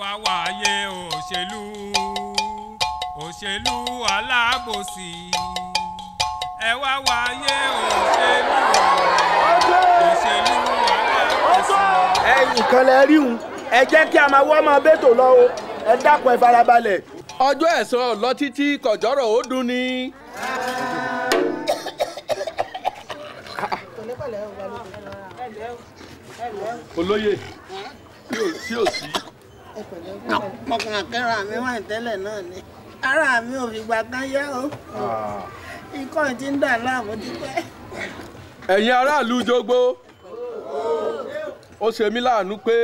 àwa wáyé òṣèlú òṣèlú alábòsí ẹ wá wáyé òṣèlú òṣèlú alábòsí. ẹ̀yin kan lẹ rí un ẹ jẹ́ kí a máa wọ́ ọmọ bẹ́tò lọ o ẹ dákun ẹ farabalẹ̀. ọjọ́ ẹ̀san ọ̀lọ́ títí kọ̀jọ́rọ̀ ó dùn ni. olóyè tí ò sí mọ̀kàn kẹ́ra mi wà tẹ́lẹ̀ náà ni ara mi ò fìgbà kan yá o ikọ́ ti ń dà láàmú dípẹ́. ẹ̀yin aráàlú jogbo ó ṣe mí láàánú pé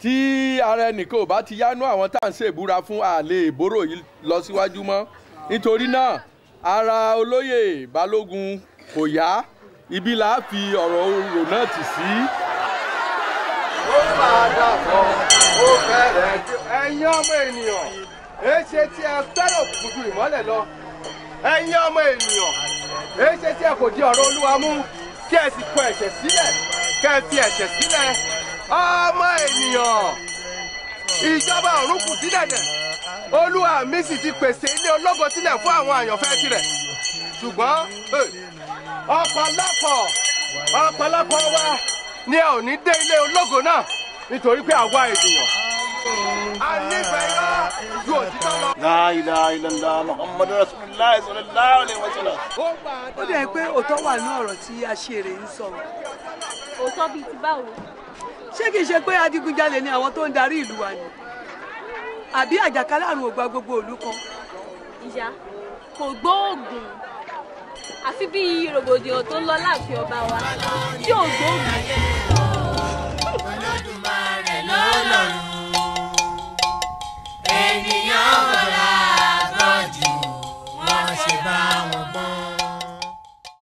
tí ara ẹnìkan ò bá ti yánú àwọn tá à ń ṣèbúra fún àlè ìbòrò yìí lọ síwájú mọ́ nítorí náà ara olóyè balógun kò yá ibi là á fi ọ̀rọ̀ orò náà tì sí. ó máa dà pọ̀ ẹ̀yin ọmọ ènìyàn èéṣe tí ẹ fẹ́ràn òkùnkùn ju ìmọ́lẹ̀ lọ ẹ̀yin ọmọ ènìyàn èéṣe tí ẹ kò di ọ̀rọ̀ olúwa mú kí ẹ sì kọ ẹ̀ṣẹ̀ sílẹ̀ kí ẹ fi ẹ̀ṣẹ̀ sílẹ̀ ọmọ ènìyàn ìjọba ọ̀run kù sí dẹ̀dẹ̀ olúwa mi sì ti pèsè ilé ológo sílẹ̀ fún àwọn àyànfẹ́ tirẹ̀ ṣùgbọ́n ọ̀pọ̀lọpọ̀ ọ̀pọ̀lọpọ̀ wa ni a ò ní dé ilé ológo náà nítorí pé àwa ènìyàn. ó dẹ̀ pé òótọ́ wà ní ọ̀rọ̀ tí aṣèrè ń sọ. òótọ́ bíi ti báwo. ṣé kìí ṣe pé adigunjalè ni àwọn tó ń darí ìlú wa ni àbí àjàkálẹ̀ àrùn ogba gbogbo ìlú kan. ìyá kò gbóògùn àfi bí rògbòdìyàn tó lọ láàfin ọba wa tí gbóògùn.